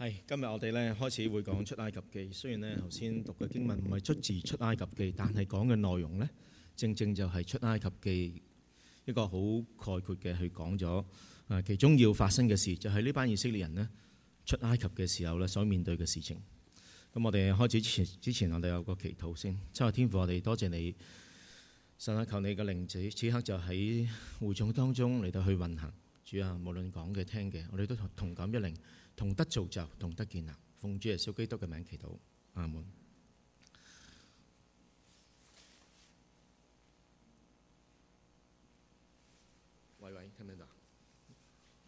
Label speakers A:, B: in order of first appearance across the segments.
A: 係今日我哋咧開始會講出埃及記，雖然咧頭先讀嘅經文唔係出自出埃及記，但係講嘅內容咧正正就係出埃及記一個好概括嘅去講咗啊，其中要發生嘅事就係呢班以色列人呢出埃及嘅時候咧所面對嘅事情。咁我哋開始之前之前我哋有個祈禱先，真係天父我哋多謝你，神啊求你嘅靈主此刻就喺會眾當中嚟到去運行，主啊無論講嘅聽嘅我哋都同同感一靈。同得造就，同得建立。奉主耶穌基督嘅名祈禱，阿門。喂喂，聽唔聽到？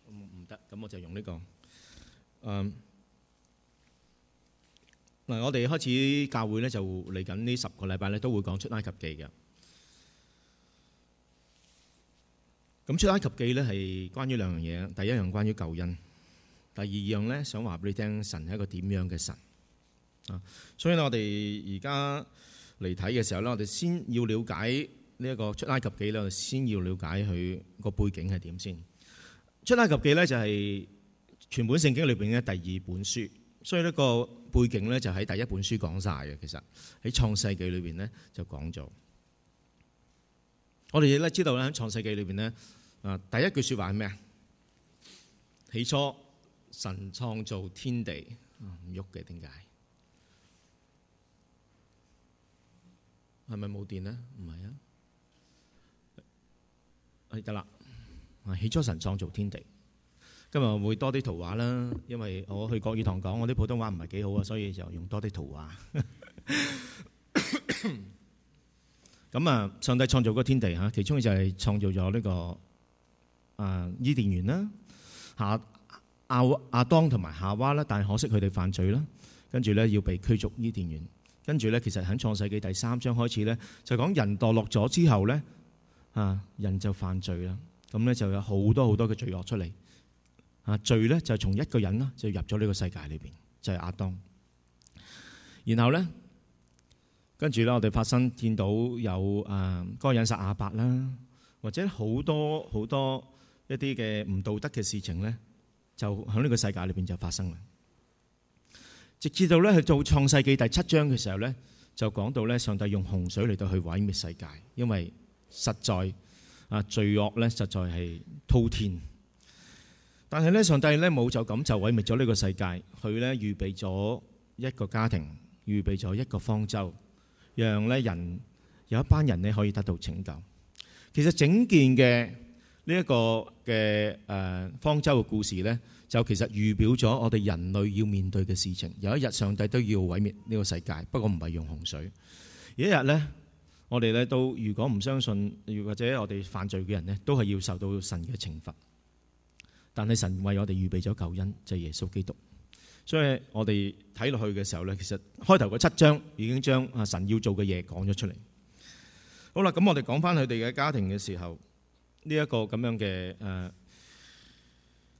A: 唔唔得，咁我就用呢個，嗯。嗱，我哋開始教會咧，就嚟緊呢十個禮拜咧，都會講出埃及記嘅。咁出埃及記咧，係關於兩樣嘢，第一樣關於救恩。第二樣咧，想話俾你聽，神係一個點樣嘅神啊！所以咧，我哋而家嚟睇嘅時候咧，我哋先要了解呢一個出埃及記咧，我哋先要了解佢個背景係點先。出埃及記咧就係全本聖經裏邊嘅第二本書，所以呢個背景咧就喺第一本書講晒嘅。其實喺創世記裏邊咧就講咗。我哋亦都知道咧喺創世記裏邊咧啊，第一句説話係咩啊？起初。神創造天地唔喐嘅，點、啊、解？係咪冇電呢？唔係啊，係得啦。起初神創造天地，今日會多啲圖畫啦，因為我去國語堂講，我啲普通話唔係幾好啊，所以就用多啲圖畫。咁 啊，上帝創造嗰天地嚇，其中就係創造咗呢、這個啊伊甸園啦，下、啊。阿亞當同埋夏娃啦，但係可惜佢哋犯罪啦，跟住咧要被驅逐伊甸園。跟住咧，其實喺創世紀第三章開始咧，就講人墮落咗之後咧，啊人就犯罪啦，咁咧就有好多好多嘅罪惡出嚟啊。罪咧就從一個人啦，就入咗呢個世界裏邊，就係亞當。然後咧，跟住咧，我哋發生見到有誒，嗰個人殺亞伯啦，或者好多好多一啲嘅唔道德嘅事情咧。就響呢個世界裏邊就發生啦，直至到咧去做創世紀第七章嘅時候咧，就講到咧，上帝用洪水嚟，到去毀滅世界，因為實在啊罪惡咧實在係滔天。但係咧，上帝咧冇就咁就毀滅咗呢個世界，佢咧預備咗一個家庭，預備咗一個方舟，讓咧人有一班人咧可以得到拯救。其實整件嘅呢一個。嘅誒、呃，方舟嘅故事呢，就其實預表咗我哋人類要面對嘅事情。有一日，上帝都要毀滅呢個世界，不過唔係用洪水。有一日呢，我哋咧都如果唔相信，或者我哋犯罪嘅人呢，都係要受到神嘅懲罰。但係神為我哋預備咗救恩，就係、是、耶穌基督。所以我哋睇落去嘅時候呢，其實開頭嘅七章已經將啊神要做嘅嘢講咗出嚟。好啦，咁我哋講翻佢哋嘅家庭嘅時候。呢一個咁樣嘅誒，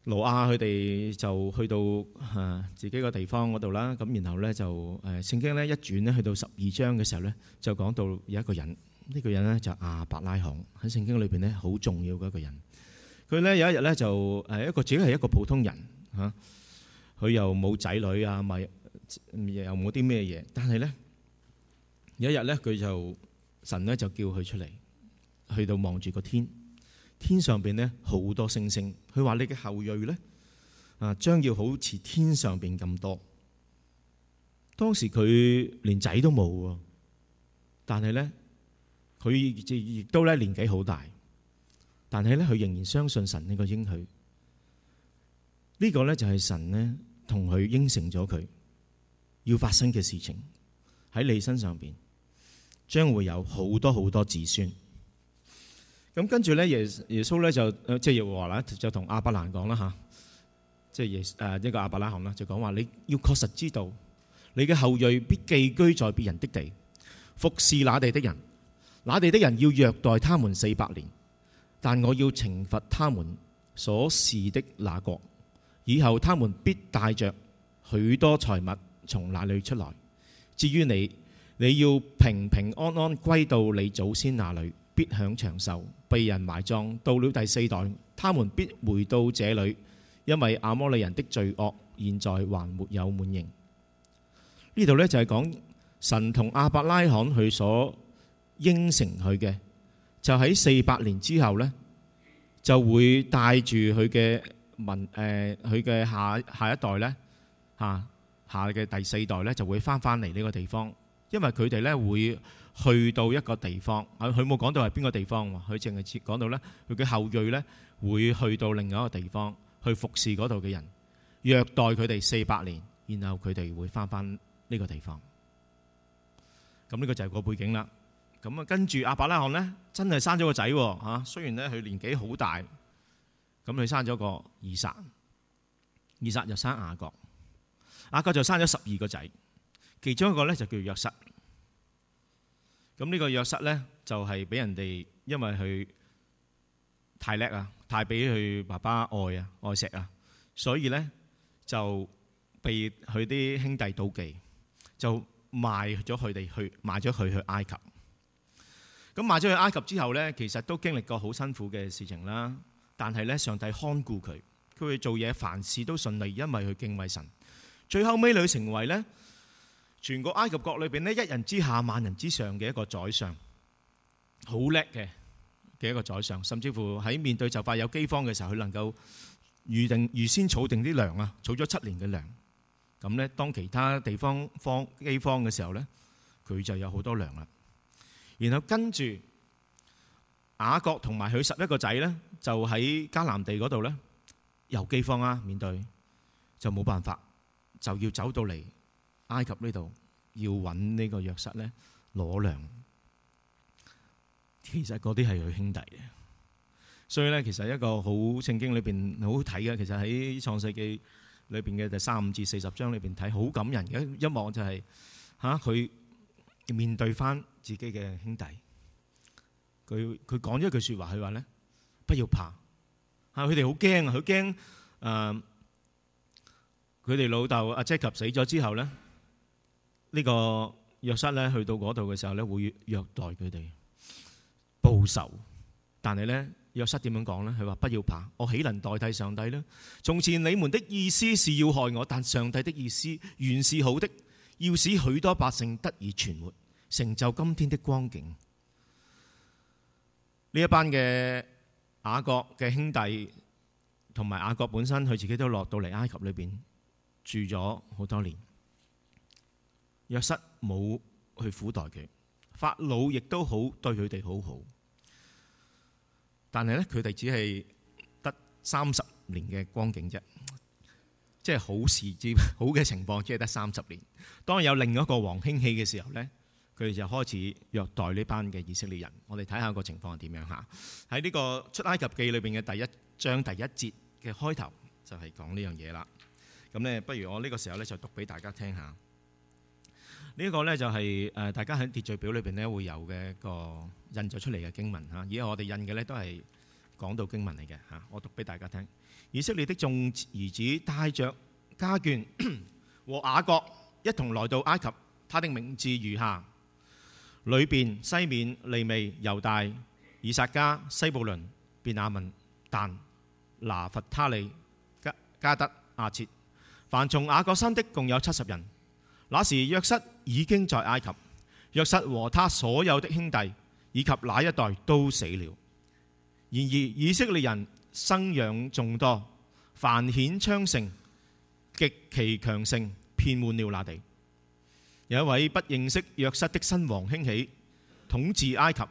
A: 羅亞佢哋就去到誒自己個地方嗰度啦。咁然後咧就誒聖經咧一轉咧，去到十二章嘅時候咧，就講到有一個人，呢個人咧就亞伯拉罕，喺聖經裏邊咧好重要嘅一個人。佢咧有一日咧就誒一個只係一個普通人嚇，佢又冇仔女啊，咪又冇啲咩嘢。但係咧有一日咧，佢就神咧就叫佢出嚟，去到望住個天。天上邊咧好多星星，佢話你嘅後裔咧啊，將要好似天上邊咁多。當時佢連仔都冇，但係咧佢亦都咧年紀好大，但係咧佢仍然相信神呢個應許。這個、呢個咧就係、是、神咧同佢應承咗佢要發生嘅事情，喺你身上邊將會有好多好多子孫。咁跟住咧，耶耶穌咧就即係耶和華啦，就同阿伯蘭講啦吓，即係耶誒一個阿伯拉罕啦，就講、是、話你要確實知道，你嘅後裔必寄居在別人的地，服侍那地的人，那地的人要虐待他們四百年，但我要懲罰他們所事的那國，以後他們必帶着許多財物從那裏出來。至於你，你要平平安安歸到你祖先那裏。必享長壽，被人埋葬。到了第四代，他們必回到這裏，因為亞摩利人的罪惡現在還沒有滿盈。呢度咧就係講神同亞伯拉罕佢所應承佢嘅，就喺四百年之後咧，就會帶住佢嘅民誒，佢嘅下下一代咧吓下嘅第四代咧就會翻翻嚟呢個地方，因為佢哋咧會。去到一個地方，啊，佢冇講到係邊個地方，佢淨係講到咧佢嘅後裔咧會去到另一個地方去服侍嗰度嘅人，虐待佢哋四百年，然後佢哋會翻翻呢個地方。咁、這、呢個就係個背景啦。咁啊，跟住亞伯拉罕咧真係生咗個仔喎嚇，雖然咧佢年紀好大，咁佢生咗個以撒，以撒就生雅各，雅各就生咗十二個仔，其中一個咧就叫做約瑟。咁呢個約瑟咧，就係俾人哋，因為佢太叻啊，太俾佢爸爸愛啊、愛錫啊，所以咧就被佢啲兄弟妒忌，就賣咗佢哋去，賣咗佢去埃及。咁賣咗去埃及之後咧，其實都經歷過好辛苦嘅事情啦。但係咧，上帝看顧佢，佢會做嘢，凡事都順利，因為佢敬畏神。最後尾佢成為咧。全個埃及國裏邊咧，一人之下萬人之上嘅一個宰相，好叻嘅嘅一個宰相，甚至乎喺面對就快有饑荒嘅時候，佢能夠預定預先儲定啲糧啊，儲咗七年嘅糧。咁咧，當其他地方方饑荒嘅時候咧，佢就有好多糧啦。然後跟住雅各同埋佢十一個仔咧，就喺迦南地嗰度咧，又饑荒啦，面對就冇辦法，就要走到嚟。埃及呢度要揾呢個約瑟咧攞糧，其實嗰啲係佢兄弟嘅，所以咧其實一個好聖經裏邊好睇嘅，其實喺創世記裏邊嘅第三五至四十章裏邊睇好感人嘅一幕就係吓佢面對翻自己嘅兄弟，佢佢講咗一句說話，佢話咧，不要怕，吓佢哋好驚啊，佢驚誒佢哋老豆雅各死咗之後咧。呢、這個約瑟咧去到嗰度嘅時候咧，會虐待佢哋報仇。但係咧約瑟點樣講咧？佢話：他說不要怕，我豈能代替上帝呢？從前你們的意思是要害我，但上帝的意思原是好的，要使許多百姓得以存活，成就今天的光景。呢一班嘅雅各嘅兄弟同埋雅各本身，佢自己都落到嚟埃及裏邊住咗好多年。約瑟冇去苦待佢，法老亦都好對佢哋好好，但係咧佢哋只係得三十年嘅光景啫，即係好事之好嘅情況，即係得三十年。當有另一個王興起嘅時候咧，佢哋就開始虐待呢班嘅以色列人。我哋睇下個情況係點樣吓。喺呢個出埃及記裏邊嘅第一章第一節嘅開頭就係講呢樣嘢啦。咁咧，不如我呢個時候咧就讀俾大家聽一下。這個、呢一個咧就係、是、誒、呃，大家喺秩序表裏邊咧會有嘅一個印咗出嚟嘅經文嚇，而我哋印嘅呢，都係講道經文嚟嘅嚇，我讀俾大家聽。以色列的眾兒子帶着家眷和雅各一同來到埃及，他的名字如下：流便、西緬、利未、猶大、以薩迦、西布倫、便雅憫、但、拿弗他利、迦、迦得、亞設，凡從雅各生的共有七十人。那時約瑟已經在埃及，約瑟和他所有的兄弟以及那一代都死了。然而以色列人生養眾多，繁衍昌盛，極其強盛，遍滿了那地。有一位不認識約瑟的新王興起，統治埃及。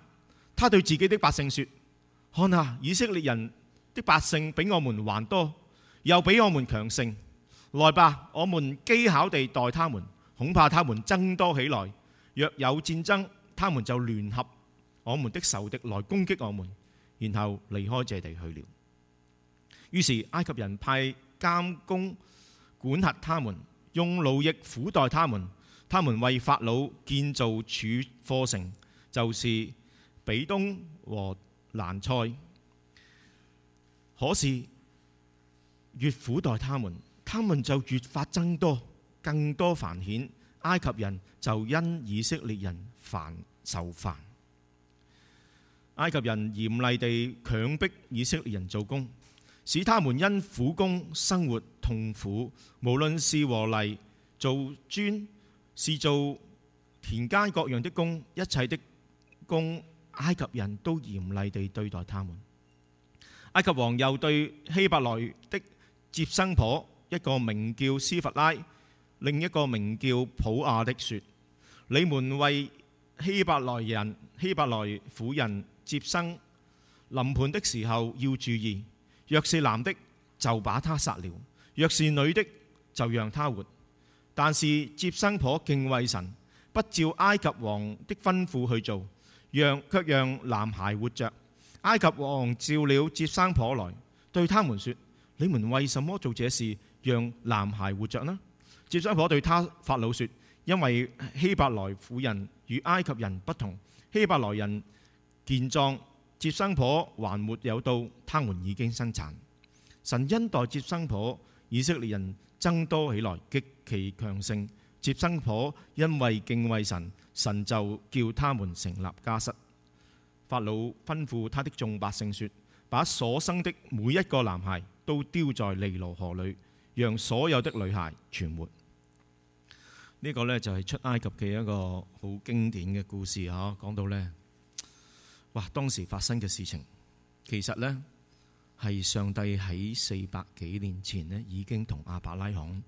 A: 他對自己的百姓說：看下以色列人的百姓比我們還多，又比我們強盛。來吧，我們機巧地待他們。恐怕他們增多起來，若有戰爭，他們就聯合我們的仇敵來攻擊我們，然後離開這地去了。於是埃及人派監工管轄他們，用勞役苦待他們。他們為法老建造儲貨城，就是比東和蘭塞。可是越苦待他們，他們就越發增多。更多繁衍，埃及人就因以色列人煩受煩。埃及人嚴厲地強迫以色列人做工，使他們因苦工生活痛苦。無論是和泥做磚，是做田間各樣的工，一切的工，埃及人都嚴厲地對待他們。埃及王又對希伯來的接生婆，一個名叫斯法拉，另一個名叫普亞的說：你們為希伯來人、希伯來婦人接生臨盆的時候要注意，若是男的就把他殺了，若是女的就讓他活。但是接生婆敬畏神，不照埃及王的吩咐去做，讓卻讓男孩活着。埃及王召了接生婆來，對他們說：你們為什麼做這事，讓男孩活着呢？接生婆對他法老說：因為希伯來婦人與埃及人不同，希伯來人健壯，接生婆還沒有到，他們已經生產。神恩待接生婆，以色列人增多起來，極其強盛。接生婆因為敬畏神，神就叫他們成立家室。法老吩咐他的眾百姓說：把所生的每一個男孩都丟在尼羅河裏，讓所有的女孩存活。呢、這個呢，就係出埃及嘅一個好經典嘅故事啊！講到呢，哇，當時發生嘅事情，其實呢，係上帝喺四百幾年前咧已經同亞伯拉罕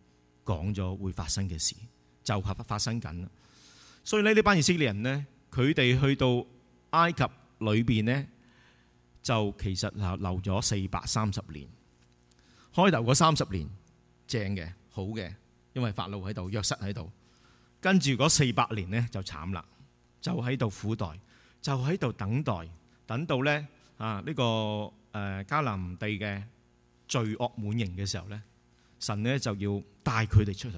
A: 講咗會發生嘅事，就合發生緊。所以呢，呢班以色列人呢，佢哋去到埃及裏邊呢，就其實留咗四百三十年。開頭嗰三十年正嘅好嘅，因為法老喺度，約瑟喺度。跟住嗰四百年呢就慘啦，就喺度苦待，就喺度等待，等到呢啊呢個誒迦南地嘅罪惡滿盈嘅時候呢，神呢就要帶佢哋出去，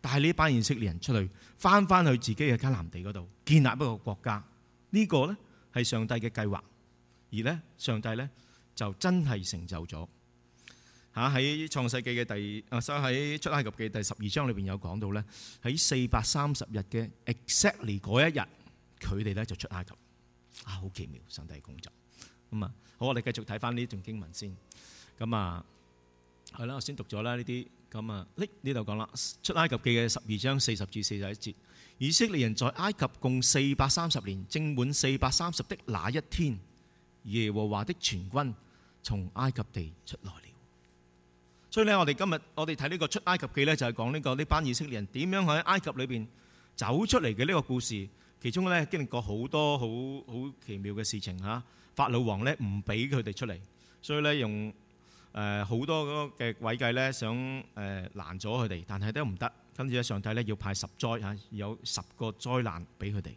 A: 帶呢班以色列人出去，翻翻去自己嘅迦南地嗰度建立一個國家，呢個呢係上帝嘅計劃，而呢上帝呢就真係成就咗。嚇喺創世記嘅第啊，所以喺出埃及記第十二章裏邊有講到咧，喺四百三十日嘅 exactly 嗰一日，佢哋咧就出埃及啊，好奇妙！上帝嘅工作咁啊。好，我哋繼續睇翻呢段經文先。咁啊，係啦，我先讀咗啦呢啲。咁啊，呢呢度講啦，出埃及記嘅十二章四十至四十一節，以色列人在埃及共四百三十年，正滿四百三十的那一天，耶和華的全軍從埃及地出來了。所以咧，我哋今日我哋睇呢個出埃及記咧，就係講呢個呢班以色列人點樣喺埃及裏邊走出嚟嘅呢個故事。其中咧經歷過好多好好奇妙嘅事情嚇。法老王咧唔俾佢哋出嚟，所以咧用誒好多嘅詭計咧想誒攔咗佢哋，但係都唔得。跟住咧，上帝咧要派十災嚇，有十個災難俾佢哋。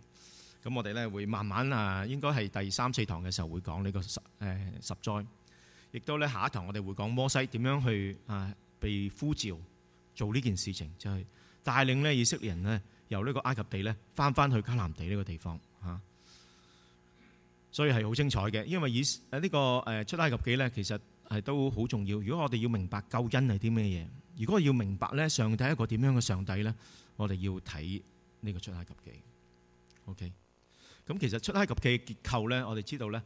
A: 咁我哋咧會慢慢啊，應該係第三四堂嘅時候會講呢個十誒十災，亦都咧下一堂我哋會講摩西點樣去啊被呼召做呢件事情，就係、是、帶領呢以色列人呢，由呢個埃及地咧翻翻去迦南地呢個地方嚇、啊，所以係好精彩嘅。因為以呢、啊這個、呃、出埃及記咧，其實係都好重要。如果我哋要明白救恩係啲咩嘢，如果要明白咧上帝係一個點樣嘅上帝咧，我哋要睇呢個出埃及記。OK。咁其實出埃及嘅結構咧，我哋知道咧，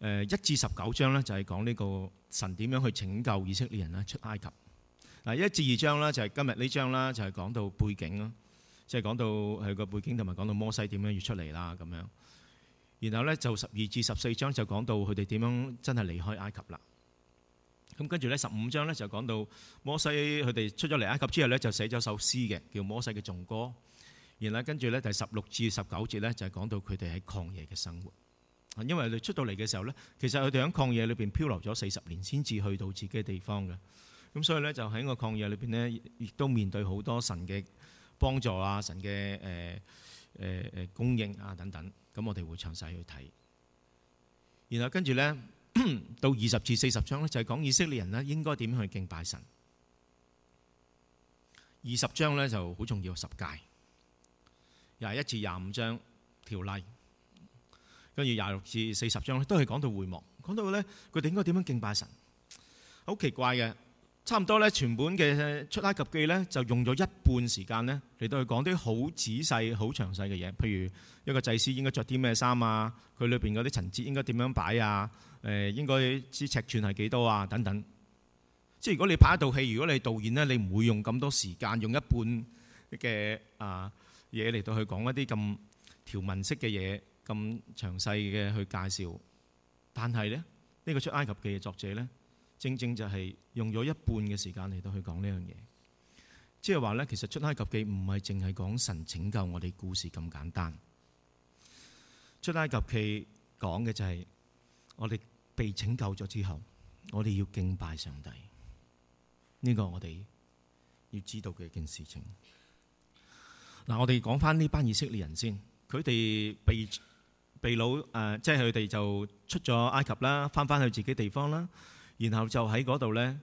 A: 誒一至十九章咧就係講呢個神點樣去拯救以色列人啦出埃及。啊一至二章啦就係今日呢章啦，就係講到背景咯，即係講到係個背景同埋講到摩西點樣要出嚟啦咁樣。然後咧就十二至十四章就講到佢哋點樣真係離開埃及啦。咁跟住咧十五章咧就講到摩西佢哋出咗嚟埃及之後咧就寫咗首詩嘅，叫摩西嘅頌歌。然後跟住咧，第十六至十九節咧，就係講到佢哋喺曠野嘅生活啊。因為出到嚟嘅時候咧，其實佢哋喺曠野裏邊漂流咗四十年，先至去到自己嘅地方嘅。咁所以咧，就喺個曠野裏邊咧，亦都面對好多神嘅幫助啊、神嘅誒誒誒供應啊等等。咁我哋會詳細去睇。然後跟住咧，到二十至四十章咧，就係講以色列人咧應該點樣去敬拜神。二十章咧就好重要，十戒。廿一至廿五章條例。跟住廿六至四十章咧，都係講到會幕，講到咧佢哋應該點樣敬拜神。好奇怪嘅！差唔多咧全本嘅出埃及記咧就用咗一半時間咧你都去講啲好仔細、好詳細嘅嘢。譬如一個祭司應該着啲咩衫啊，佢裏邊嗰啲層次應該點樣擺啊，誒應該知尺寸係幾多啊等等。即係如果你拍一套戲，如果你導演咧，你唔會用咁多時間，用一半嘅啊。呃嘢嚟到去講一啲咁條文式嘅嘢，咁詳細嘅去介紹。但係咧，呢個出埃及記嘅作者咧，正正就係用咗一半嘅時間嚟到去講呢樣嘢，即係話咧，其實出埃及記唔係淨係講神拯救我哋故事咁簡單。出埃及記講嘅就係我哋被拯救咗之後，我哋要敬拜上帝。呢個我哋要知道嘅一件事情。嗱，我哋講翻呢班以色列人先。佢哋被被擄誒，即係佢哋就出咗埃及啦，翻翻去自己地方啦，然後就喺嗰度咧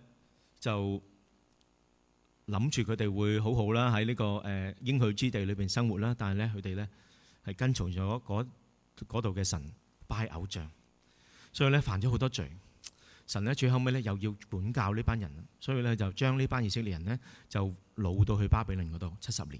A: 就諗住佢哋會好好啦，喺呢個誒應許之地裏邊生活啦。但係咧，佢哋咧係跟從咗嗰嗰度嘅神拜偶像，所以咧犯咗好多罪。神咧最後尾咧又要管教呢班人，所以咧就將呢班以色列人咧就擄到去巴比倫嗰度七十年。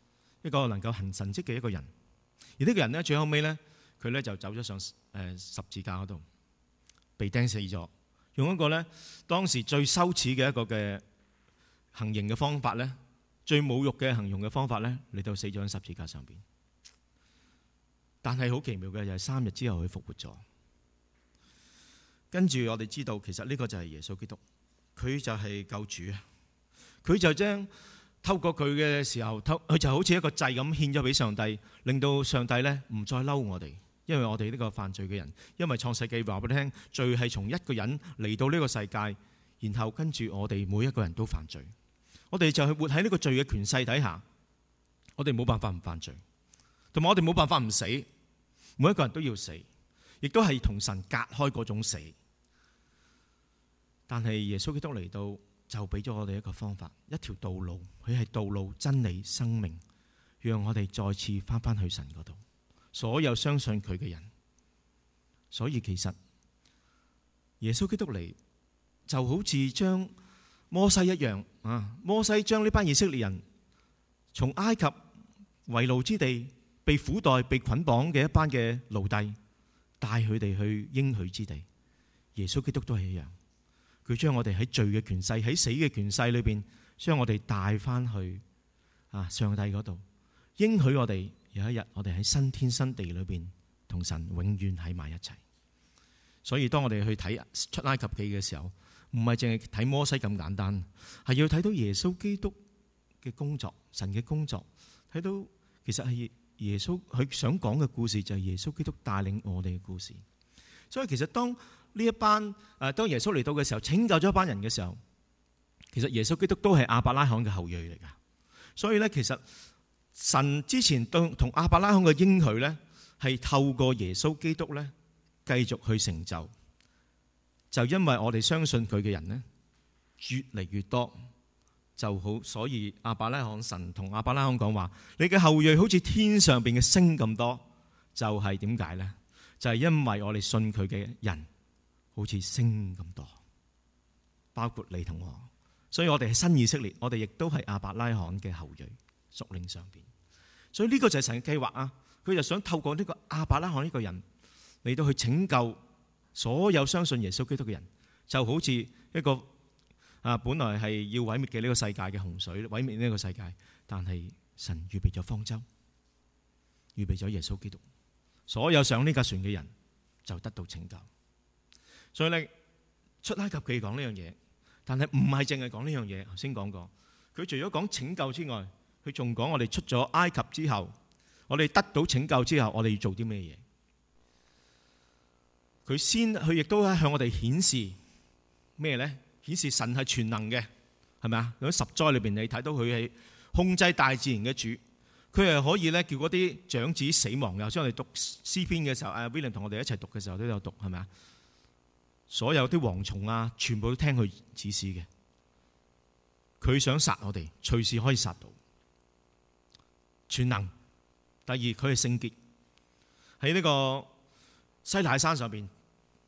A: 一個能夠行神蹟嘅一個人，而呢個人咧，最後尾咧，佢咧就走咗上誒十字架嗰度，被釘死咗，用一個咧當時最羞恥嘅一個嘅行刑嘅方法咧，最侮辱嘅行刑嘅方法咧嚟到死咗喺十字架上邊。但係好奇妙嘅就係、是、三日之後佢復活咗，跟住我哋知道其實呢個就係耶穌基督，佢就係救主啊，佢就將、是。透過佢嘅時候，偷佢就好似一個掣咁獻咗俾上帝，令到上帝咧唔再嬲我哋，因為我哋呢個犯罪嘅人，因為創世紀話俾你聽，罪係從一個人嚟到呢個世界，然後跟住我哋每一個人都犯罪，我哋就係活喺呢個罪嘅權勢底下，我哋冇辦法唔犯罪，同埋我哋冇辦法唔死，每一個人都要死，亦都係同神隔開嗰種死。但係耶穌基督嚟到。就俾咗我哋一個方法，一條道路，佢係道路、真理、生命，讓我哋再次返返去神嗰度。所有相信佢嘅人，所以其實耶穌基督嚟就好似將摩西一樣啊！摩西將呢班以色列人從埃及為奴之地，被苦待、被捆綁嘅一班嘅奴隸，帶佢哋去應許之地。耶穌基督都係一樣。佢將我哋喺罪嘅權勢、喺死嘅權勢裏邊，將我哋帶翻去啊！上帝嗰度，應許我哋有一日，我哋喺新天新地裏邊，同神永遠喺埋一齊。所以當我哋去睇出埃及記嘅時候，唔係淨係睇摩西咁簡單，係要睇到耶穌基督嘅工作，神嘅工作，睇到其實係耶穌佢想講嘅故事，就係耶穌基督帶領我哋嘅故事。所以其實當...呢一班誒，當耶穌嚟到嘅時候，拯救咗一班人嘅時候，其實耶穌基督都係亞伯拉罕嘅後裔嚟噶。所以咧，其實神之前對同亞伯拉罕嘅應許咧，係透過耶穌基督咧繼續去成就。就因為我哋相信佢嘅人咧越嚟越多，就好，所以亞伯拉罕神同亞伯拉罕講話：你嘅後裔好似天上邊嘅星咁多，就係點解咧？就係因為我哋信佢嘅人。好似星咁多，包括你同我，所以我哋係新以色列，我哋亦都係亞伯拉罕嘅後裔，屬靈上邊。所以呢個就係神嘅計劃啊！佢就想透過呢個亞伯拉罕呢個人嚟到去拯救所有相信耶穌基督嘅人，就好似一個啊本來係要毀滅嘅呢個世界嘅洪水，毀滅呢個世界，但係神預備咗方舟，預備咗耶穌基督，所有上呢架船嘅人就得到拯救。所以你出埃及記佢講呢樣嘢，但係唔係淨係講呢樣嘢。頭先講過佢除咗講拯救之外，佢仲講我哋出咗埃及之後，我哋得到拯救之後，我哋要做啲咩嘢？佢先佢亦都喺向我哋顯示咩咧？顯示神係全能嘅係咪啊？喺十災裏邊你睇到佢係控制大自然嘅主，佢係可以咧叫嗰啲長子死亡嘅。所以我哋讀詩篇嘅時候，誒 William 同我哋一齊讀嘅時候都有讀係咪啊？所有啲蝗蟲啊，全部都聽佢指示嘅。佢想殺我哋，隨時可以殺到。全能。第二，佢係聖潔。喺呢個西奈山上邊，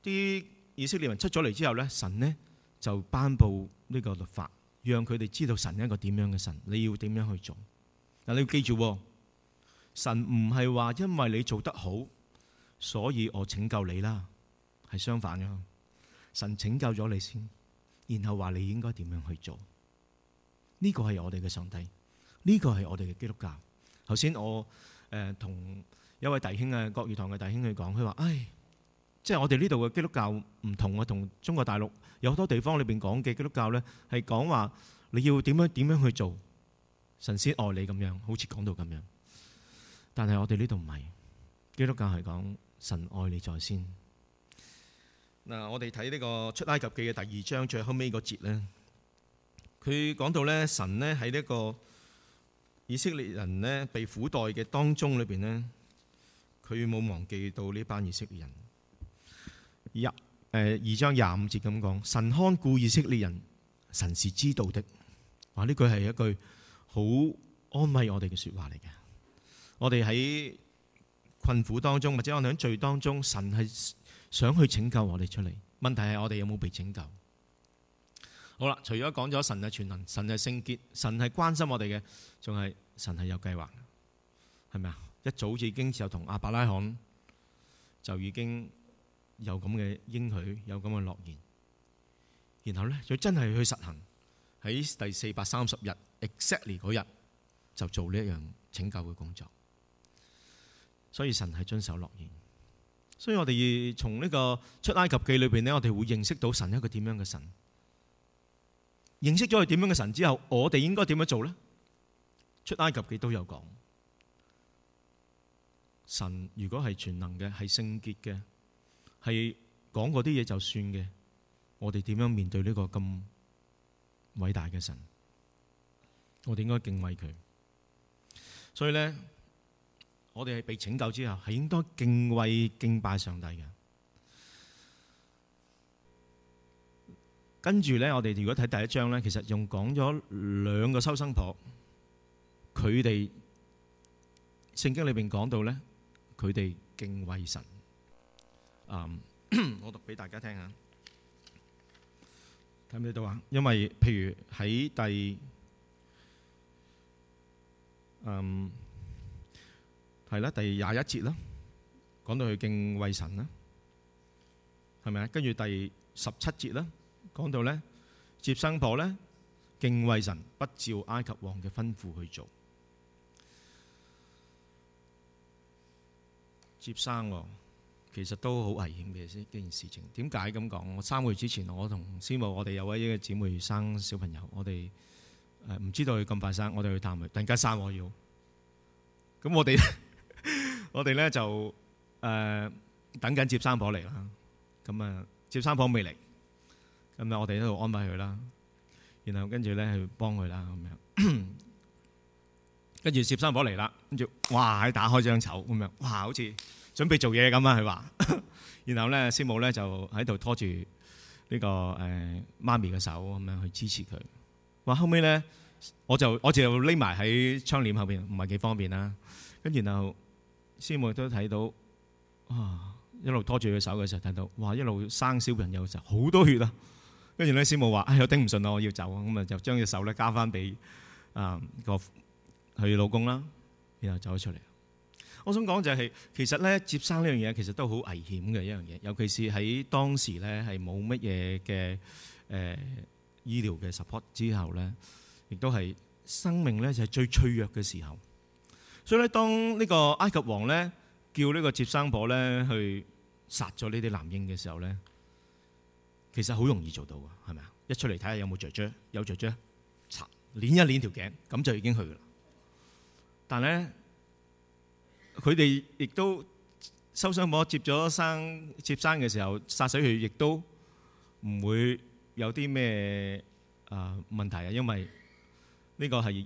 A: 啲以色列人出咗嚟之後咧，神呢就頒布呢個律法，讓佢哋知道神係一個點樣嘅神。你要點樣去做？嗱，你要記住，神唔係話因為你做得好，所以我拯救你啦，係相反嘅。神拯救咗你先，然後話你應該點樣去做？呢個係我哋嘅上帝，呢個係我哋嘅基督教。頭先我誒同有位弟兄啊，國語堂嘅弟兄佢講，佢話：唉，即係我哋呢度嘅基督教唔同我同中國大陸有好多地方裏邊講嘅基督教咧，係講話你要點樣點樣去做，神先愛你咁樣，好似講到咁樣。但係我哋呢度唔係，基督教係講神愛你在先。嗱、啊，我哋睇呢個出埃及記嘅第二章最後尾個節咧，佢講到咧神咧喺呢個以色列人咧被苦待嘅當中裏邊咧，佢冇忘記到呢班以色列人。廿誒、呃、二章廿五節咁講，神看顧以色列人，神是知道的。哇！呢句係一句好安慰我哋嘅説話嚟嘅。我哋喺困苦當中，或者我哋喺罪當中，神係，想去拯救我哋出嚟，問題係我哋有冇被拯救？好啦，除咗講咗神嘅全能、神係聖潔、神係關心我哋嘅，仲係神係有計劃，係咪啊？一早已經就同亞伯拉罕就已經有咁嘅應許，有咁嘅諾言。然後咧，佢真係去實行喺第四百三十日 exactly 嗰日就做呢一樣拯救嘅工作。所以神係遵守諾言。所以我哋從呢個出埃及記裏邊呢，我哋會認識到神係一個點樣嘅神，認識咗佢點樣嘅神之後，我哋應該點樣做呢？出埃及記都有講，神如果係全能嘅，係聖潔嘅，係講嗰啲嘢就算嘅，我哋點樣面對呢個咁偉大嘅神？我哋應該敬畏佢。所以呢。我哋係被拯救之後，係應該敬畏敬拜上帝嘅。跟住咧，我哋如果睇第一章咧，其實仲講咗兩個收生婆，佢哋聖經裏邊講到咧，佢哋敬畏神。嗯，我讀俾大家聽下，睇唔睇到啊？因為譬如喺第嗯。係啦，第廿一節啦，講到佢敬畏神啦，係咪啊？跟住第十七節啦，講到咧接生婆咧敬畏神，不照埃及王嘅吩咐去做接生，其實都好危險嘅一一件事情。點解咁講？我三個月之前，我同師母，我哋有位一個姊妹生小朋友，我哋唔知道佢咁快生，我哋去探佢，突然間生，我要，咁我哋咧。我哋咧就誒、呃、等緊接生婆嚟啦。咁、嗯、啊，接生婆未嚟，咁、嗯、啊，我哋一路安排佢啦。然後跟住咧去幫佢啦，咁樣跟住接，接生婆嚟啦，跟住哇喺打開張手咁樣，哇好似準備做嘢咁啊。佢話，然後咧師母咧就喺度拖住呢、這個誒媽、呃、咪嘅手咁樣去支持佢。哇，後尾咧我就我就匿埋喺窗簾後邊，唔係幾方便啦。跟住然後。師母都睇到，啊，一路拖住佢手嘅時候睇到，哇，一路生小朋友嘅時候好多血啦。跟住咧，師母話：哎呀，我頂唔順啦，我要走。咁啊，就將隻手咧交翻俾啊個佢老公啦，然後走咗出嚟。我想講就係，其實咧接生呢樣嘢，其實都好危險嘅一樣嘢，尤其是喺當時咧係冇乜嘢嘅誒醫療嘅 support 之後咧，亦都係生命咧就係最脆弱嘅時候。所以咧，當呢個埃及王咧叫呢個接生婆咧去殺咗呢啲男嬰嘅時候咧，其實好容易做到噶，係咪啊？一出嚟睇下有冇雀雀，有雀雀，擦，捻一捻條頸，咁就已經去噶啦。但係咧，佢哋亦都收生婆接咗生接生嘅時候，殺死佢亦都唔會有啲咩呃問題啊，因為呢個係。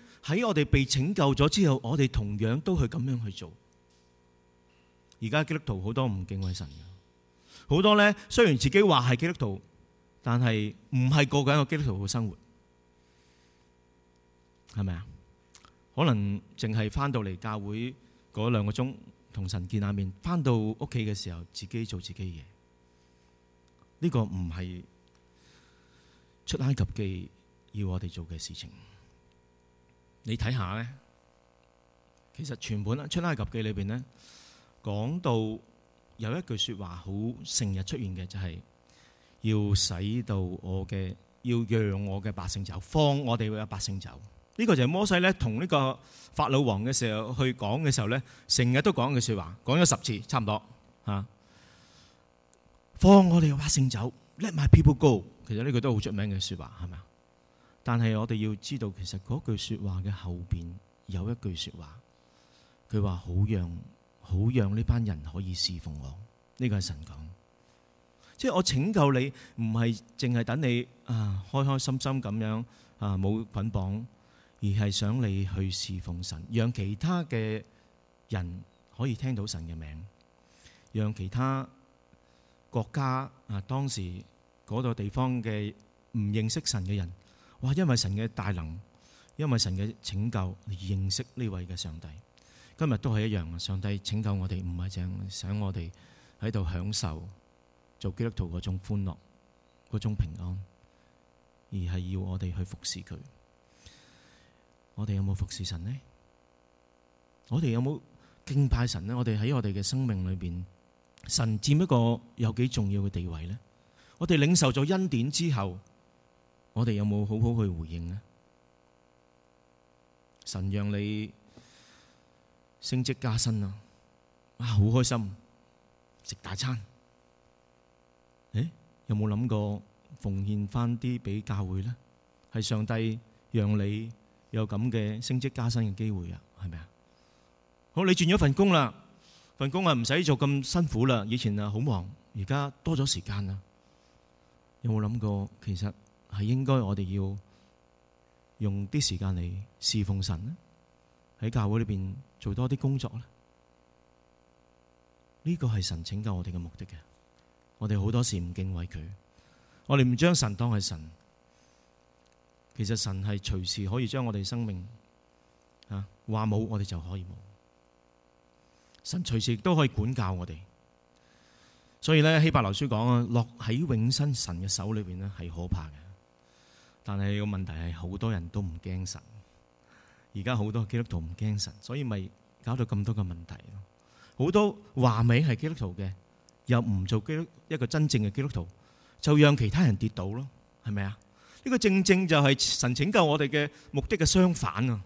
A: 喺我哋被拯救咗之後，我哋同樣都去咁樣去做。而家基督徒好多唔敬畏神，好多咧，雖然自己話係基督徒，但係唔係過緊一個的基督徒嘅生活，係咪啊？可能淨係翻到嚟教會嗰兩個鐘同神見下面，翻到屋企嘅時候自己做自己嘢。呢個唔係出埃及記要我哋做嘅事情。你睇下咧，其實全本啦《出埃及記》裏邊咧，講到有一句説話好成日出現嘅，就係、是、要使到我嘅，要讓我嘅百姓走，放我哋嘅百姓走。呢、這個就係摩西咧，同呢個法老王嘅時候去講嘅時候咧，成日都講嘅説話，講咗十次差唔多嚇、啊。放我哋嘅百姓走，Let my people go。其實呢句都好出名嘅説話，係咪啊？但係，我哋要知道，其實嗰句說話嘅後邊有一句說話，佢話，好讓好讓呢班人可以侍奉我。呢個係神講，即係我拯救你，唔係淨係等你啊開開心心咁樣啊冇捆綁，而係想你去侍奉神，讓其他嘅人可以聽到神嘅名，讓其他國家啊當時嗰個地方嘅唔認識神嘅人。哇！因為神嘅大能，因為神嘅拯救，而認識呢位嘅上帝。今日都係一樣，上帝拯救我哋，唔係淨係想我哋喺度享受做基督徒嗰種歡樂、嗰種平安，而係要我哋去服侍佢。我哋有冇服侍神呢？我哋有冇敬拜神呢？我哋喺我哋嘅生命裏邊，神佔一個有幾重要嘅地位呢？我哋領受咗恩典之後。我哋有冇好好去回應咧？神讓你升職加薪啊！啊，好開心，食大餐。誒，有冇諗過奉獻翻啲俾教會咧？係上帝讓你有咁嘅升職加薪嘅機會啊？係咪啊？好，你轉咗份工啦，份工啊唔使做咁辛苦啦。以前啊好忙，而家多咗時間啊。有冇諗過其實？係應該我哋要用啲時間嚟侍奉神呢，喺教會裏邊做多啲工作咧。呢、呢個係神拯救我哋嘅目的嘅。我哋好多時唔敬畏佢，我哋唔將神當係神。其實神係隨時可以將我哋生命吓話冇，啊、我哋就可以冇。神隨時都可以管教我哋。所以咧，希伯來書講啊，落喺永生神嘅手裏邊咧，係可怕嘅。但係個問題係好多人都唔驚神，而家好多基督徒唔驚神，所以咪搞到咁多嘅問題咯。好多話明係基督徒嘅，又唔做基督一個真正嘅基督徒，就讓其他人跌倒咯，係咪啊？呢個正正就係神拯救我哋嘅目的嘅相反啊！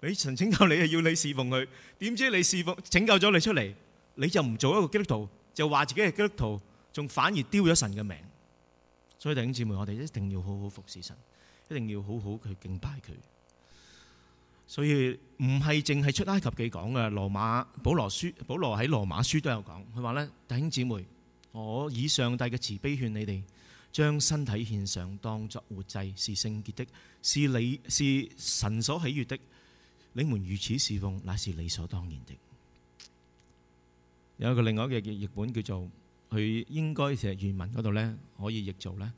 A: 你神拯救你係要你侍奉佢，點知你侍奉，拯救咗你出嚟，你就唔做一個基督徒，就話自己係基督徒，仲反而丟咗神嘅名。所以弟兄姊妹，我哋一定要好好服侍神，一定要好好去敬拜佢。所以唔係淨係出埃及記講嘅，羅馬保羅書保羅喺羅馬書都有講。佢話咧，弟兄姊妹，我以上帝嘅慈悲勸你哋，將身體獻上，當作活祭，是聖潔的，是你是神所喜悅的。你們如此侍奉，乃是理所當然的。有一個另外一個譯譯本叫做。佢應該成日願聞嗰度咧，可以譯做咧，呢、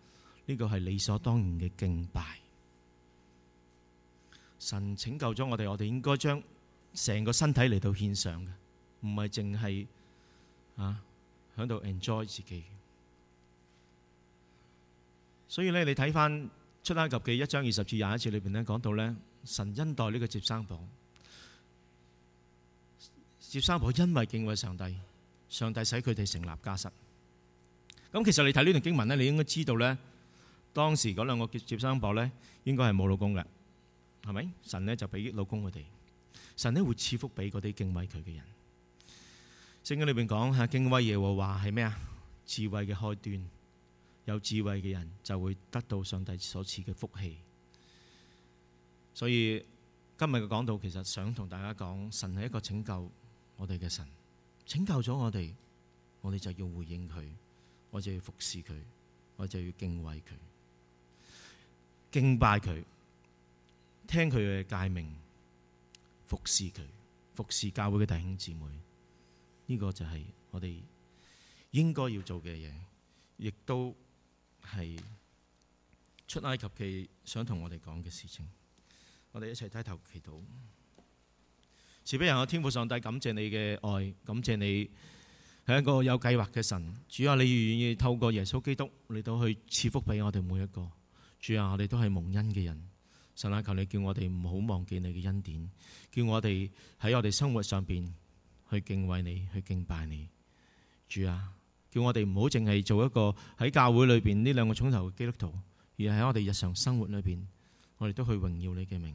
A: 這個係理所當然嘅敬拜。神拯救咗我哋，我哋應該將成個身體嚟到獻上嘅，唔係淨係啊喺度 enjoy 自己。所以咧，你睇翻出埃及記一章二十至廿一節裏邊咧，講到咧，神恩待呢個接生婆，接生婆因為敬畏上帝。上帝使佢哋成立家室。咁其實你睇呢段經文咧，你應該知道咧，當時嗰兩個接接生婆咧，應該係冇老公嘅，係咪？神咧就俾老公佢哋。神咧會賜福俾嗰啲敬畏佢嘅人。聖經裏邊講吓，敬畏耶和華係咩啊？智慧嘅開端，有智慧嘅人就會得到上帝所賜嘅福氣。所以今日嘅講道，其實想同大家講，神係一個拯救我哋嘅神。拯救咗我哋，我哋就要回應佢，我就要服侍佢，我就要敬畏佢、敬拜佢、聽佢嘅誡命、服侍佢、服侍教會嘅弟兄姊妹。呢、這個就係我哋應該要做嘅嘢，亦都係出埃及記想同我哋講嘅事情。我哋一齊低頭祈禱。慈悲人我天父上帝，感謝你嘅愛，感謝你係一個有計劃嘅神。主啊，你願意透過耶穌基督你都去賜福俾我哋每一個。主啊，我哋都係蒙恩嘅人。神啊，求你叫我哋唔好忘記你嘅恩典，叫我哋喺我哋生活上邊去敬畏你，去敬拜你。主啊，叫我哋唔好淨係做一個喺教會裏邊呢兩個鐘頭嘅基督徒，而係喺我哋日常生活裏邊，我哋都去榮耀你嘅名。